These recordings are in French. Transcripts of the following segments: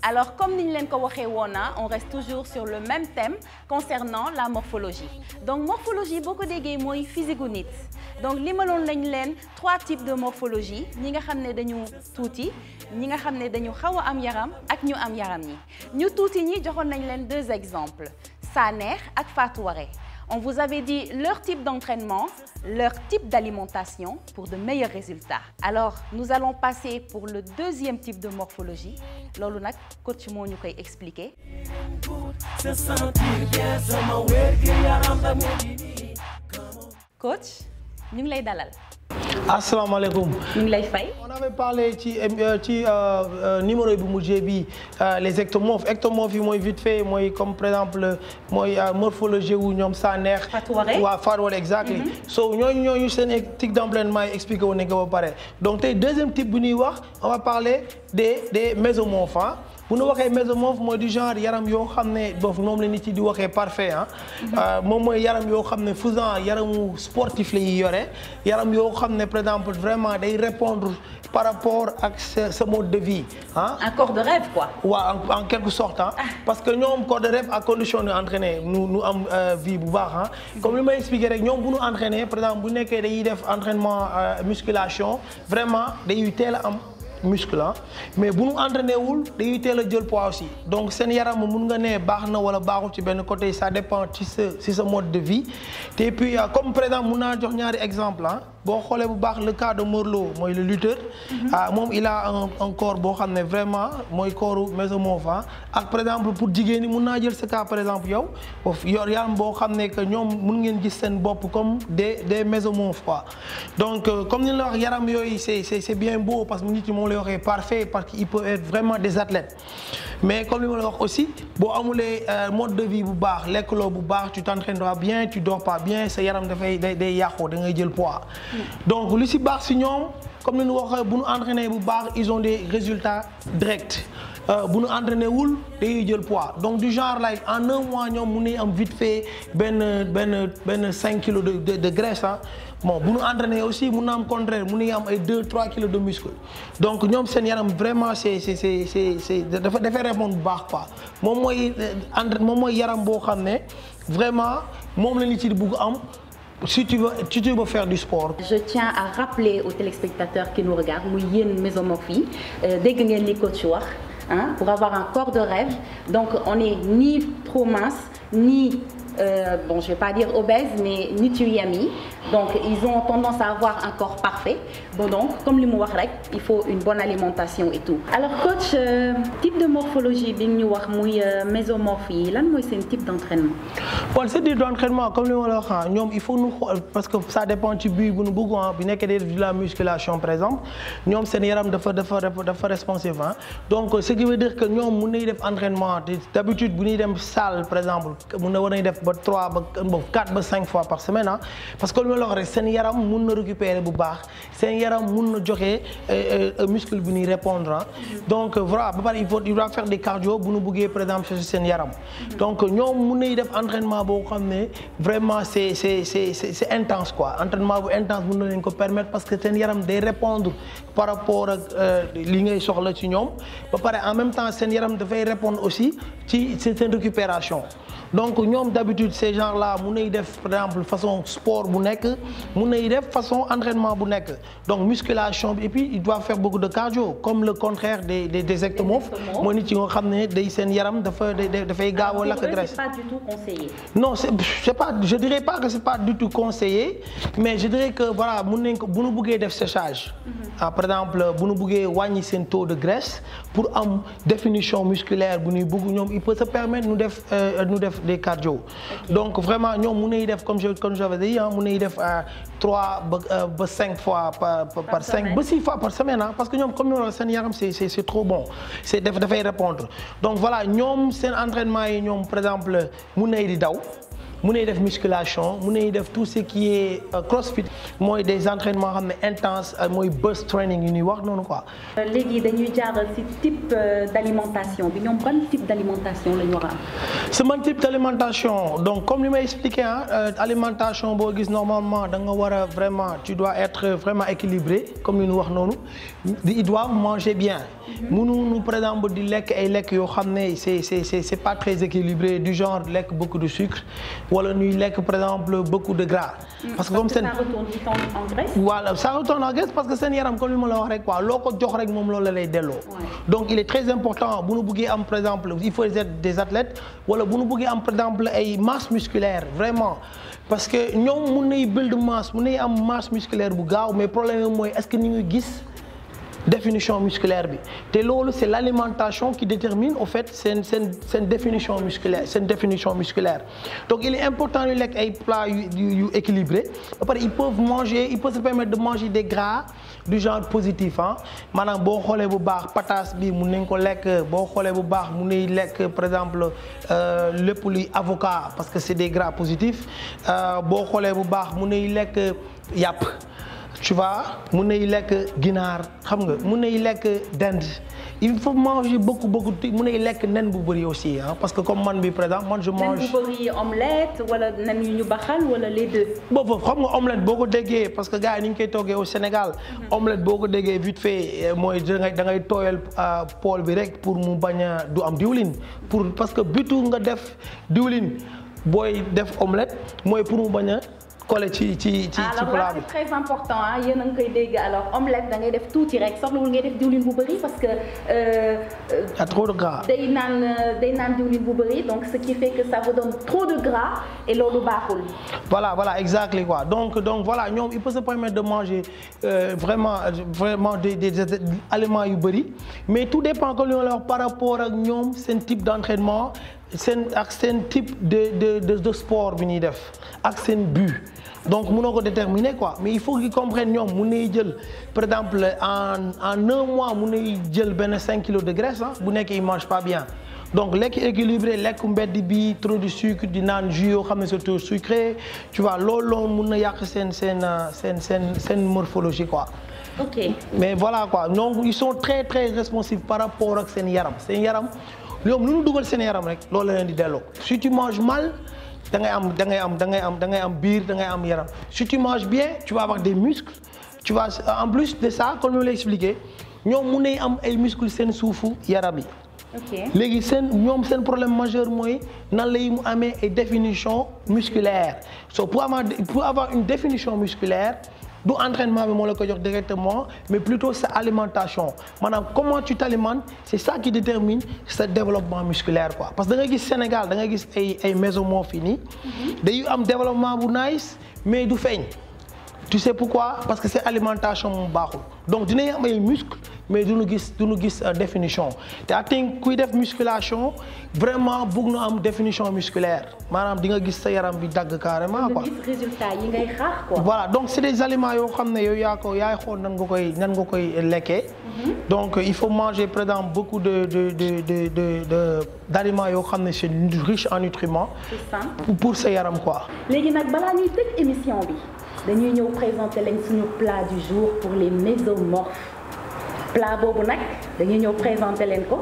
Alors, comme Nilen Wona, on reste toujours sur le même thème concernant la morphologie. Donc, morphologie, beaucoup de gays, sont physigonite. Donc, l'imelon len, trois types de morphologie. Nous savons que nous touti, nous savons que amyaram, am yaram, et nous am yaram ni. Nous touti nous deux exemples. Saner et Fatouare. On vous avait dit leur type d'entraînement, leur type d'alimentation pour de meilleurs résultats. Alors, nous allons passer pour le deuxième type de morphologie. coach Mo, nous expliquer. coach nous asalaamaaleykum. ñu ngi lay fay. on avait parlé ci euh, ci euh, euh, numéro bu mujjee euh, les ectomorphes ectomorphes yi vite fait mooy comme par exemple mooy morphologie wu ñoom Sanex. Fatouare waaw Fatouare exact. Mm-hmm. so ñooñu ñooñu seen tic d'enfouissement yi expliqué wu nañ ko ba pare donc tey deuxième type bu ñuy wax on va parler des des mésomorphes hein bu nu waxee mésomorphe du genre yaram ne des gens di parfait hein. euh, sportif vraiment répondre par rapport à ce mode de vie hein. un corps de rêve quoi en, quelque sorte hein. ah. parce que un corps de rêve à condition Nous euh, vie comme par exemple entraînement euh, musculation vraiment muscle mais bu nous entraîné wul dañuy té le jël poids aussi donc sen yaram mun nga né baxna wala baaxul ci ben côté ça dépend ci ce ci mode de vie et puis euh, comme présent exemple mun jox ñaari exemple hein boo xoolee bu baax le cas de Morlo mooy le lutteur. Mhm. ah moom il a un un corps boo xam ne vraiment mooy corps mésomorphe ah. ak par exemple pour jigéen ñi mun naa jël ce cas par exemple yow yor yaram boo xam ne que ñoom mun ngeen gis seen bopp comme des des mésomorphes quoi. donc euh, comme ni la wax yaram yooyu c'est c'est c'est bien beau parce que nit ñi moom lay waxee parfait parce qu'il peut être vraiment des athlètes mais comme li ma la wax aussi boo amulee euh, mode de vie bu baax lekkaloo bu baax tu t'entraîneras bien tu dors pas bien sa yaram dafay day day yàqoo da ngay jël poids. Mm. donc lu si baax si comme ni ñu waxee bu ñu entraîné bu ils ont des résultats directs. Euh, bu nu entraîné wul dañuy jël poids donc du genre like en un mois ñoom mun nañ am vite fait ben ben ben 5 kilos de de de graisse hein bon bu nous entraîner aussi mon am contraire mon nañu am ay 2 3 kg de muscle donc ñom sen yaram vraiment c' de c' c'est, c' dafa dafay répondre bu baax quoi mom moy euh, yaram bo vraiment mom la nit ci am si tu veux tu veux faire du sport. je tiens à rappeler aux téléspectateurs qui nous regardent nous sommes Mesomorphes yi euh, dégg ngeen li coach wax hein, pour avoir un corps de rêve donc on est ni trop mince ni euh, bon je vais pas dire obèse mais ni tu as donc, ils ont tendance à avoir un corps parfait. Bon, donc, comme le mot il faut une bonne alimentation et tout. Alors, coach, euh, type de morphologie, bien nous mésomorphie, là, c'est un type d'entraînement. Bon, c'est type d'entraînement, comme le mot il faut nous, parce que ça dépend du but, nous bougons, a de la musculation, par exemple, nous, c'est un de faire, de faire, de Donc, ce qui veut dire que nous, avons nous, entraînement, d'habitude, nous, la salle, par exemple, nous, avons nous, 3, 4, 5 fois par semaine, hein, parce que loolu la wax rek seen yaram mun na récupérer bu baax seen yaram mun na joxe euh, euh, muscle bu ñuy répondre hein. donc euh, voilà ba pare il faut il doit faire des cardio bu ñu buggee par exemple chercher seen yaram donc ñoom mun nañu def entraînement boo xam ne vraiment c'est c'est c'est c'est intense quoi entraînement bu intense mun na leen ko permettre parce que seen yaram day répondre par rapport ak li ngay soxla ci ñoom ba pare en même temps seen yaram dafay répondre aussi ci seen récupération donc ñoom d'habitude ces gens là mun nañu def par exemple façon sport bu nekk nekk mun nay def façon entraînement bu nek donc musculation et puis il doit faire beaucoup de cardio comme le contraire des des des ectomorphes mooy nga xam day sen yaram dafa da fay gawo lakk graisse. c'est pas du tout conseillé. non c'est c'est pas je dirais pas que c'est pas du tout conseillé mais je dirais que voilà mun ko bu nu def séchage. Mhm. Ah, par exemple bu nu buggee wàññi taux de graisse pour une définition musculaire, il peut se permettre de nous faire des cardio. Donc vraiment, nous on faire, comme j'avais dit, on peut faire 3 5 fois par, par, 5, 6 fois par semaine. Ah, parce que nous, comme nous, c'est trop bon. C'est de faire répondre. Donc voilà, nous, c'est un entraînement, nous, par exemple, nous, nous, nous, mun de def musculation mun nañu def tout ce qui est euh, crossfit Moi, des entraînements mais intenses. intense euh, mooy burst training yu wax noonu quoi. Légui, dañuy ci type euh, d'alimentation. Ils bi ñoom type d'alimentation C'est mon type d'alimentation. donc comme je m'a expliqué l'alimentation, hein, alimentation normalement vraiment tu dois être vraiment équilibré comme une le non ils doivent manger bien. Mhm. Nous, nous exemple du lait, et lekk c'est pas très équilibré du genre lait, beaucoup de sucre wala ñuy lekk par exemple beaucoup de gras. Mm. parce que comme ça retourne en graisse. voilà ça retourne en graisse parce que c'est yaram comme li ma la wax rek quoi loo ko jox rek moom loolu donc il est très important si nous bëggee par exemple il faut être des athlètes wala bu nous bëggee am par exemple ay masse musculaire vraiment parce que ñoom mun nay build masse mun nay am masse musculaire bu gaaw mais problème moi est-ce que nous ñuy gis définition musculaire bi té lolu c'est l'alimentation qui détermine au fait c'est seen définition musculaire une définition musculaire donc il est important de lekk ay plats yu équilibré après ils peuvent manger ils peuvent se permettre de manger des gras du genre positif hein. manam bo xolé bu baax pataas bi mu neng ko lekk bo xolé bu baax mu nañ lekk par exemple euh, le luy avocat parce que c'est des gras positifs euh, bo xolé bu baax mu nañ lekk yap tu vois mun nay lekk ginaar xam nga mun nay lekk dinde il faut manger beaucoup beaucoup mun nay lek nen bu bari aussi hein, parce que comme man bi présent, man je mange. nen bu omelette wala nen ñu baxal wala les deux. Bon, xam nga omelette beaucoup ko parce que gars yi ni koy toggee au Sénégal. Mhm. omelette beaucoup dégué déggee vite fait euh, moi da ngay da ngay tooyal euh, Paul bi rek pour mu baña du am diwlin pour parce que butu nga def diwlin boy def omelette moy pour mu baña collé ci ci ci ci plat c'est très important hein yéen a dégg alors omelette da ngay def tuuti rek soxlawul ngay def diwlin bu beuri parce que. euh, euh a trop de gras. day naan euh, day naan diwlin bu beuri donc ce qui fait que ça vous donne trop de gras et loolu baaxul. voilà voilà exactement quoi donc donc voilà ñom il peut se permettre de manger euh, vraiment vraiment des des, des aliments yu beuri mais tout dépend que li la wax par rapport ak c'est un type d'entraînement. C'est un type de de de sport bi font. def ak but donc mënoo ko déterminer quoi mais il faut qu'ils comprennent qu'ils mun par exemple en en un mois ils peuvent jël benn cinq kilos de graisse hein? bu nekkee il mange pas bien donc l'équilibre, équilibré lekk bi trop de sucre di naan jus yoo xam sucré tu vois loolu loolu morphologie quoi. ok mais voilà quoi donc ils sont très très responsables par rapport ak seen yaram seen yaram ñoom lu nous dugal seen yaram rek loolu la leen di si tu manges mal da ngay am da ngay am da ngay am da ngay am biir da ngay am yaram si tu manges bien tu vas avoir des muscles tu vas en plus de ça comme nous l'ai expliqué ñoom mun nañ am ay muscles sen soufou yaram yi. ok léegi seen ñoom un problème majeur mooy nan lay mu amee définition musculaire so pour avoir pour avoir une définition musculaire du entraînement mais le directement mais plutôt sa alimentation Maintenant, comment tu t'alimentes c'est ça qui détermine ce développement musculaire quoi parce que dans le Sénégal il y a une maison maisons il y y un am développement nice mais du feeñ tu sais pourquoi parce que c'est alimentation moom Donc donc dinañ am ay muscle mais duñu gis duñu gis euh, définition Tu as think kuy def musculation vraiment bëgg na am définition musculaire Madame, di nga gis sa yaram bi carrément quoi. gis résultat yi ngay xaar quoi. voilà donc c'est des aliments yoo xam ne yow yaa ko nan nga nan nga koy mm-hmm. donc il faut manger présent beaucoup de de de de de de d'aliments yoo xam ne c'est riche en nutriments. pour sa yaram quoi. Les nag balaa ñuy tëj émission bi nous ñëw présenter leen plats plat du jour pour les mésomorphes plat boobu nag nous nous présenter leen ko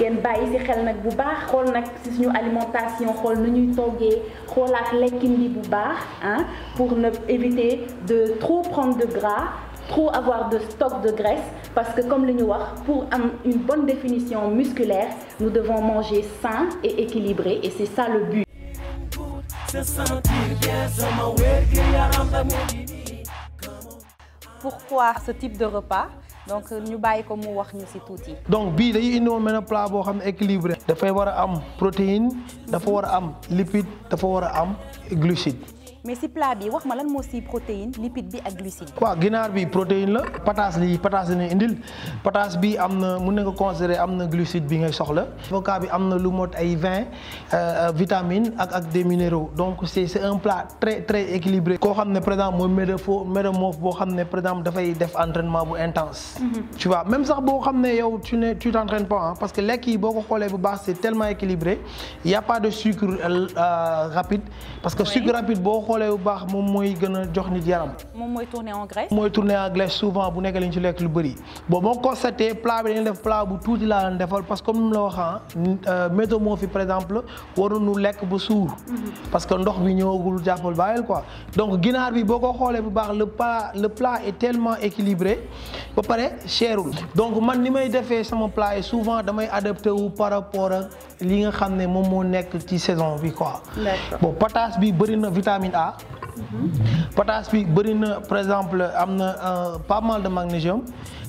ngeen bàyyi ci xel nak bu baax xool nag ci suñu alimentation xool nu ñuy toggee xoolaat lekkin les bu baax hein, pour ne éviter de trop prendre de gras trop avoir de stock de graisse parce que comme les ñu pour une bonne définition musculaire nous devons manger sain et équilibré et c'est ça le but se sentir bien sama wér gi yaram la pourquoi ce type de repas donc ñu bàyyi ko mu wax ñu ci touti donc bii dañuy indiwoon benn plat bo xam équilibré. da fay wara am protéines da fa wara am lipides da fa wara am glucides mais si plat bi wax ma lan mo si protéine lipide bi ak glucide. waaw ginar bi protéine la pataas li pataas ni indil pataas bi amna na mën nga considérer amna glucide bi ngay soxla. avocat bi amna lu mot ay euh, euh, vitamines ak ak des minéraux donc c'est c'est un plat très très équilibré. ko xamné ne par exemple mooy médefo médemoof boo xam ne par exemple dafay def entraînement bu intense. Mhm. tu vois même sax bo xamné ne yow tu ne tu t'entraînes pas hein, parce que lekk yi boo ko bu baax c'est tellement équilibré il y a pas de sucre euh, rapide parce que sucre rapide bo xolé bu baax mom moy gëna jox nit yaram. mom moy tourner en graisse. moy tourner en graisse souvent bu nekkee lañ ci lekk lu bëri bo boo constaté plat bi dañ def plat bu touti la leen defal parce que comme ni wax la waxee ah, euh, météo fi par exemple waru waruñu lek bu sour mm-hmm. parce que ndox bi ñëwagul jappal bayel quoi donc ginaar bi boko xolé bu baax le plat le plat est tellement équilibré ba paré cherul donc man ni may défé sama plat yi souvent damay adapté wu par rapport li nga xamné mom mo moo nekk ci saison bi quoi. bon pataas bi bëri na vitamine ça. potasse bi bëri na par exemple am na euh, pas mal de magnésium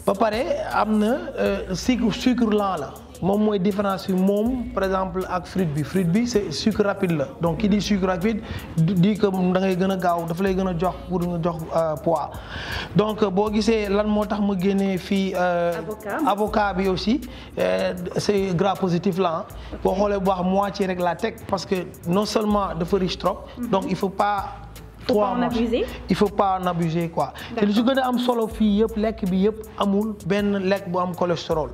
ba pare am na euh, sucre sucre lent la. moom moy différence bi moom par exemple ak frite bi frite bi c'est sucre rapide la donc il dit sucre rapide Dit que da ngay gëna a gaaw dafa lay gëna jox pour nga jox euh, poids donc bo gisee lan motax tax ma fi euh, avocat bi aussi euh, c'est gras positif là. Hein. bo xolé bu baax moitié rek la tek parce que non seulement dafa riche trop. Mhm. donc il faut pas. faut pas en abuser il faut pas en abuser quoi. te li ci gën a am solo fii yëpp lekk bi yëpp amul benn lekk bu am cholestérol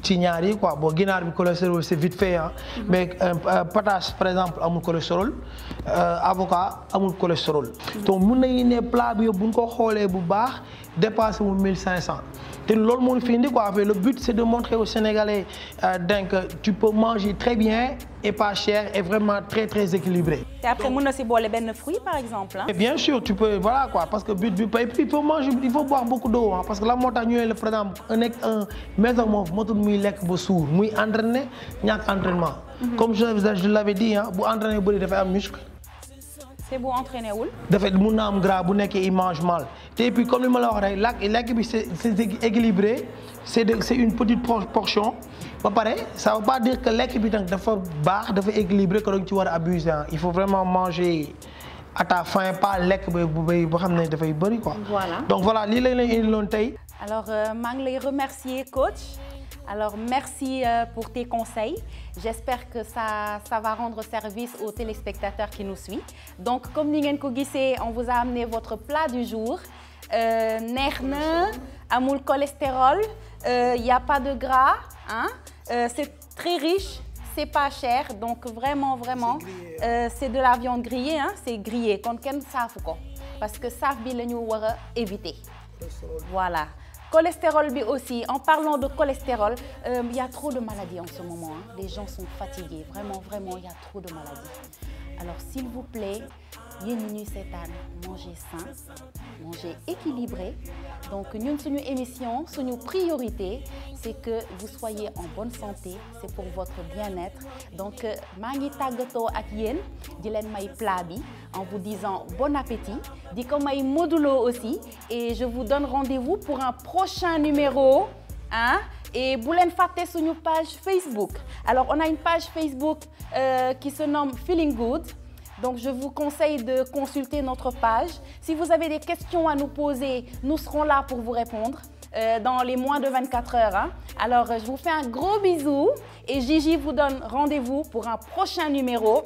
ci yi quoi bon ginaar bi cholestérol c'est vite fait hein mhm. mais euh, euh, patate par exemple amul cholestérol euh, avocat amul cholestérol. Mhm. donc mun nañu ne plat bi yëpp bu ko bu baax dépasser 1500 Tu le but c'est de montrer aux Sénégalais euh, donc tu peux manger très bien et pas cher et vraiment très très équilibré. Et après mën aussi boire les belles fruits par exemple hein? et bien sûr tu peux voilà quoi parce que but il faut manger il faut boire beaucoup d'eau hein, parce que la montagne tax ñëwee la par exemple un nekk un maison de matul muy lekk ba suur muy entraîner a entraînement. Mhm. comme je je l'avais dit vous hein, pour entraîner bëri dafay am muscle. C'est bu entraîner wul. dafa fait, na am gras bu il mange mal et puis comme li ma la wax c'est c'est équilibré c'est c'est une petite portion ba pare ça veut pas dire que l'équipe bi nag dafa baax dafa équilibré que tu nga ci hein. il faut vraiment manger. à ta faim pas l'équipe, ba bu bay quoi. voilà donc voilà lii lañ leen alors euh, mang ngi remercier coach. Alors, merci euh, pour tes conseils. J'espère que ça, va rendre service aux téléspectateurs qui nous suivent. Donc, comme Ningen Kogise, on vous a amené votre plat du jour. Euh, nerna, cholestérol, il euh, n'y a pas de gras. Hein. Euh, c'est très riche, c'est pas cher. Donc, vraiment, vraiment, c'est hein. de la viande grillée. Hein? C'est grillé. Parce que ça, il faut éviter. Voilà cholestérol aussi en parlant de cholestérol euh, il y a trop de maladies en ce moment hein. les gens sont fatigués vraiment vraiment il y a trop de maladies alors s'il vous plaît Bienvenue cette année. manger sain manger équilibré donc ñun suñu émission suñu priorité c'est que vous soyez en bonne santé c'est pour votre bien-être donc je euh, ngi ak may en vous disant bon appétit di modulo aussi et je vous donne rendez-vous pour un prochain numéro hein? et boulen leen sur suñu page Facebook alors on a une page Facebook euh, qui se nomme Feeling Good donc, je vous conseille de consulter notre page. Si vous avez des questions à nous poser, nous serons là pour vous répondre. Euh, dans les moins de 24 heures. Hein. Alors, euh, je vous fais un gros bisou et Gigi vous donne rendez-vous pour un prochain numéro.